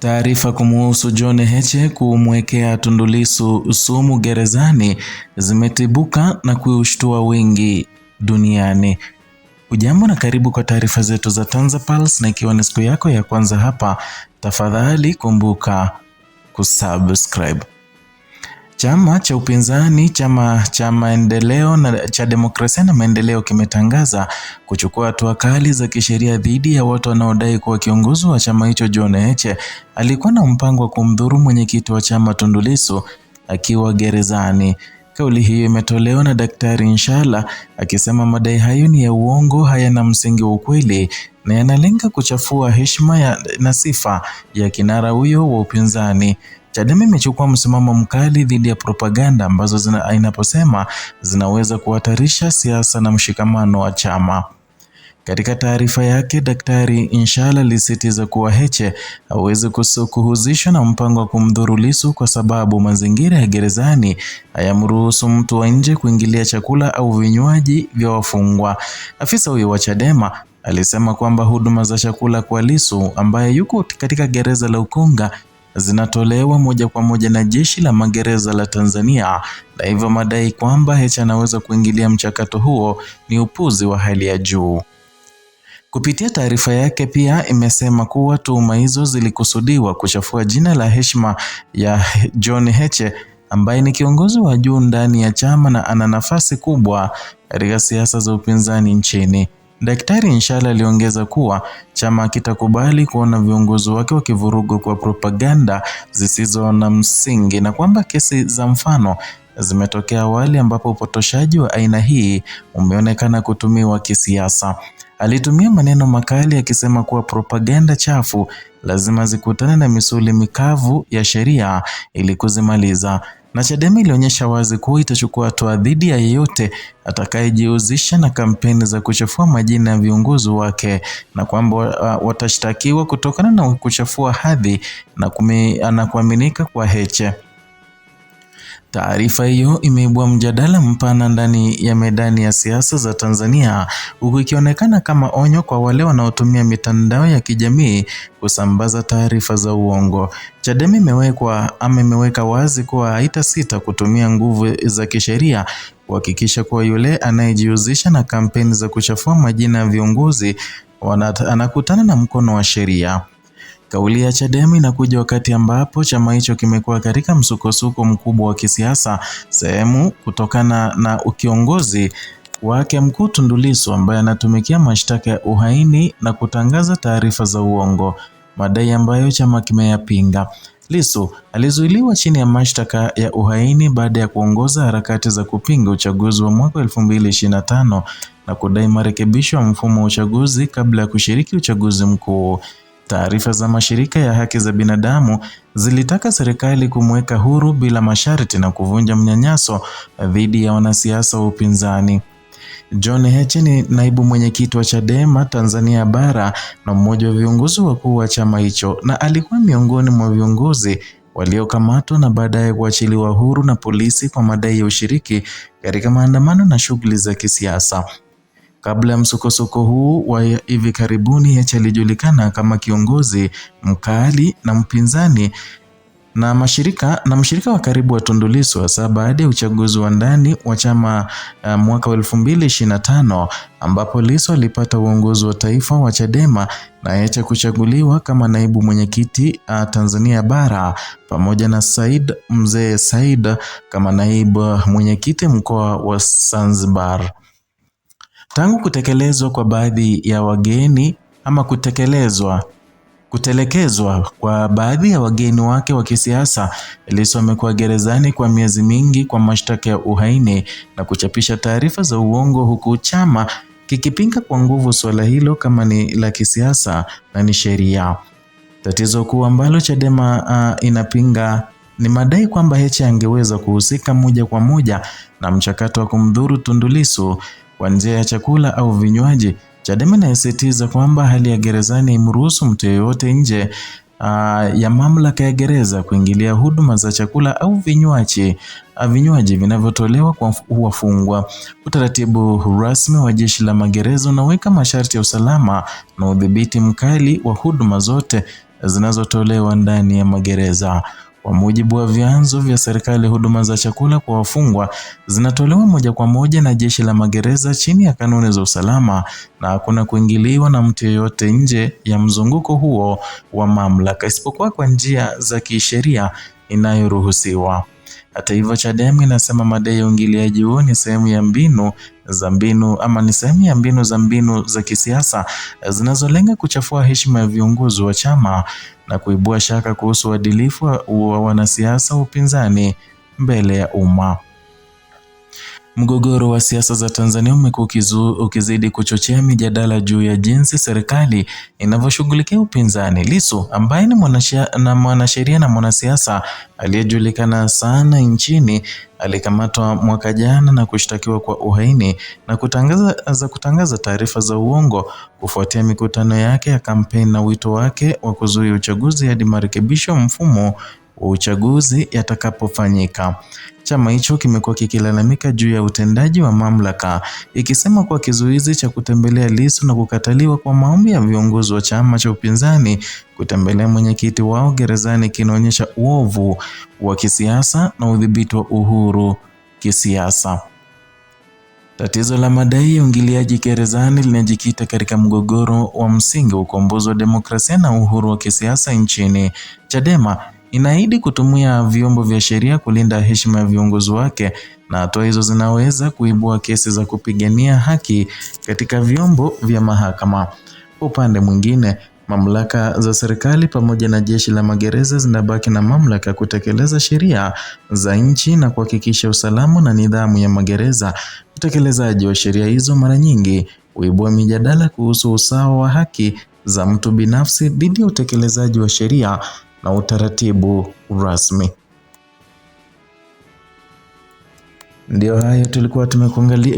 Taarifa kumuhusu John Heche kumwekea Tundu Lissu sumu gerezani zimetibuka na kuushtua wengi duniani. Ujambo na karibu kwa taarifa zetu za TanzaPulse, na ikiwa ni siku yako ya kwanza hapa, tafadhali kumbuka kusubscribe. Chama cha upinzani chama cha maendeleo na cha demokrasia na maendeleo kimetangaza kuchukua hatua kali za kisheria dhidi ya watu wanaodai kuwa kiongozi wa chama hicho John Heche alikuwa na mpango wa kumdhuru mwenyekiti wa chama Tundu Lissu akiwa gerezani. Kauli hiyo imetolewa na Daktari Nshala akisema madai hayo ni ya uongo, hayana msingi wa ukweli na yanalenga kuchafua heshima na sifa ya kinara huyo wa upinzani. Chadema imechukua msimamo mkali dhidi ya propaganda ambazo zina, inaposema zinaweza kuhatarisha siasa na mshikamano wa chama. Katika taarifa yake, Daktari Inshallah alisitiza kuwa Heche hawezi kuhusishwa na mpango wa kumdhuru Lissu kwa sababu mazingira ya gerezani hayamruhusu mtu wa nje kuingilia chakula au vinywaji vya wafungwa. Afisa huyo wa Chadema alisema kwamba huduma za chakula kwa Lissu ambaye yuko katika gereza la Ukonga zinatolewa moja kwa moja na Jeshi la Magereza la Tanzania, na hivyo madai kwamba Heche anaweza kuingilia mchakato huo ni upuzi wa hali ya juu. Kupitia taarifa yake pia imesema kuwa tuhuma hizo zilikusudiwa kuchafua jina la heshima ya John Heche ambaye ni kiongozi wa juu ndani ya chama na ana nafasi kubwa katika siasa za upinzani nchini. Daktari Nshala aliongeza kuwa chama kitakubali kuona viongozi wake wakivurugwa kwa propaganda zisizo na msingi na kwamba kesi za mfano zimetokea awali ambapo upotoshaji wa aina hii umeonekana kutumiwa kisiasa. Alitumia maneno makali akisema kuwa propaganda chafu lazima zikutane na misuli mikavu ya sheria ili kuzimaliza na Chadema ilionyesha wazi kuwa itachukua hatua dhidi ya yeyote atakayejihusisha na kampeni za kuchafua majina ya viongozi wake na kwamba uh, watashtakiwa kutokana na kuchafua hadhi na kuaminika kwa Heche. Taarifa hiyo imeibua mjadala mpana ndani ya medani ya siasa za Tanzania, huku ikionekana kama onyo kwa wale wanaotumia mitandao ya kijamii kusambaza taarifa za uongo. Chadema imewekwa ama imeweka wazi kuwa haitasita kutumia nguvu za kisheria kuhakikisha kuwa yule anayejihusisha na kampeni za kuchafua majina ya viongozi anakutana na mkono wa sheria. Kauli ya Chadema inakuja wakati ambapo chama hicho kimekuwa katika msukosuko mkubwa wa kisiasa sehemu kutokana na ukiongozi wake mkuu Tundu Lissu ambaye anatumikia mashtaka ya uhaini na kutangaza taarifa za uongo, madai ambayo chama kimeyapinga. Lissu alizuiliwa chini ya mashtaka ya uhaini baada ya kuongoza harakati za kupinga uchaguzi wa mwaka 2025 na kudai marekebisho ya mfumo wa uchaguzi kabla ya kushiriki uchaguzi mkuu. Taarifa za mashirika ya haki za binadamu zilitaka serikali kumweka huru bila masharti na kuvunja mnyanyaso dhidi ya wanasiasa wa upinzani. John Heche ni naibu mwenyekiti wa Chadema Tanzania Bara na mmoja wa viongozi wakuu wa chama hicho na alikuwa miongoni mwa viongozi waliokamatwa na baadaye kuachiliwa huru na polisi kwa madai ya ushiriki katika maandamano na shughuli za kisiasa. Kabla ya msukosuko huu wa hivi karibuni, Heche alijulikana kama kiongozi mkali na mpinzani na mashirika na mshirika wa karibu wa Tundu Lissu hasa baada ya uchaguzi wa ndani wa chama uh, mwaka wa 2025 ambapo Lissu alipata uongozi wa taifa wa Chadema na Heche kuchaguliwa kama naibu mwenyekiti uh, Tanzania bara pamoja na Said Mzee Said kama naibu mwenyekiti mkoa wa Zanzibar. Tangu kutekelezwa kwa baadhi ya wageni ama kutekelezwa kutelekezwa kwa baadhi ya wageni wake wa kisiasa, Lissu amekuwa gerezani kwa miezi mingi kwa mashtaka ya uhaini na kuchapisha taarifa za uongo, huku chama kikipinga kwa nguvu suala hilo kama ni la kisiasa na ni sheria. Tatizo kuu ambalo Chadema uh, inapinga ni madai kwamba Heche angeweza kuhusika moja kwa moja na mchakato wa kumdhuru Tundu Lissu kwa njia ya chakula au vinywaji. Chadema inasisitiza kwamba hali ya gerezani imruhusu mtu yeyote nje aa, ah, ya mamlaka ya gereza kuingilia huduma za chakula au vinywaji ah, vinywaji vinavyotolewa kwa wafungwa. Utaratibu rasmi wa jeshi la magereza unaweka masharti ya usalama na udhibiti mkali wa huduma zote zinazotolewa ndani ya magereza. Kwa mujibu wa vyanzo vya serikali, huduma za chakula kwa wafungwa zinatolewa moja kwa moja na jeshi la magereza chini ya kanuni za usalama na hakuna kuingiliwa na mtu yeyote nje ya mzunguko huo wa mamlaka isipokuwa kwa njia za kisheria inayoruhusiwa. Hata hivyo, Chadema inasema madai ya uingiliaji huo ni sehemu ya mbinu za mbinu ama ni sehemu ya mbinu za mbinu za kisiasa eh, zinazolenga kuchafua heshima ya viongozi wa chama na kuibua shaka kuhusu uadilifu wa wanasiasa wa upinzani mbele ya umma. Mgogoro wa siasa za Tanzania umekuwa ukizidi kuchochea mijadala juu ya jinsi serikali inavyoshughulikia upinzani. Lissu ambaye ni mwanasheria na mwanasiasa aliyejulikana sana nchini alikamatwa mwaka jana na kushtakiwa kwa uhaini na kutangaza, za kutangaza taarifa za uongo kufuatia mikutano yake ya kampeni na wito wake wa kuzuia uchaguzi hadi marekebisho mfumo uchaguzi yatakapofanyika. Chama hicho kimekuwa kikilalamika juu ya utendaji wa mamlaka, ikisema kuwa kizuizi cha kutembelea Lissu na kukataliwa kwa maombi ya viongozi wa chama cha upinzani kutembelea mwenyekiti wao gerezani kinaonyesha uovu wa kisiasa na udhibiti wa uhuru kisiasa. Tatizo la madai ya uingiliaji gerezani linajikita katika mgogoro wa msingi wa ukombozi wa demokrasia na uhuru wa kisiasa nchini. Chadema inaahidi kutumia vyombo vya sheria kulinda heshima ya viongozi wake na hatua hizo zinaweza kuibua kesi za kupigania haki katika vyombo vya mahakama. Kwa upande mwingine, mamlaka za serikali pamoja na jeshi la magereza zinabaki na mamlaka kutekeleza sheria za nchi na kuhakikisha usalama na nidhamu ya magereza. Utekelezaji wa sheria hizo mara nyingi huibua mijadala kuhusu usawa wa haki za mtu binafsi dhidi ya utekelezaji wa sheria na utaratibu rasmi. ndio hayo tulikuwa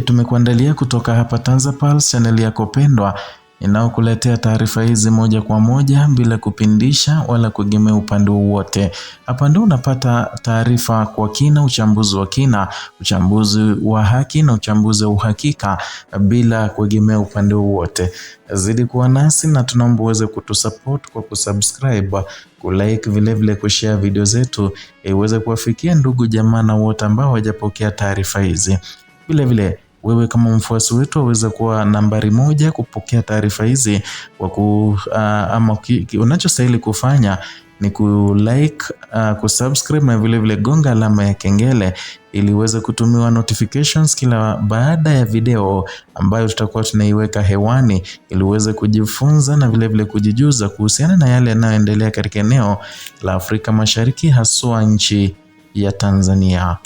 tumekuandalia kutoka hapa TanzaPulse, chaneli yako pendwa inayokuletea taarifa hizi moja kwa moja bila kupindisha wala kuegemea upande wowote. Hapa ndio unapata taarifa kwa kina, uchambuzi wa kina, uchambuzi wa haki na uchambuzi wa uhakika bila kuegemea upande wowote. Zidi kuwa nasi na tunaomba uweze kutusupport kwa kusubscribe, kulike, vilevile kushare video zetu iweze kuwafikia ndugu jamaa na wote ambao hawajapokea taarifa hizi vilevile wewe kama mfuasi wetu waweza kuwa nambari moja kupokea taarifa hizi kwa ku, uh, ama unachostahili kufanya ni like uh, subscribe na vilevile vile gonga alama ya kengele ili uweze kutumiwa notifications kila baada ya video ambayo tutakuwa tunaiweka hewani ili uweze kujifunza na vilevile vile kujijuza kuhusiana na yale yanayoendelea katika eneo la Afrika Mashariki haswa nchi ya Tanzania.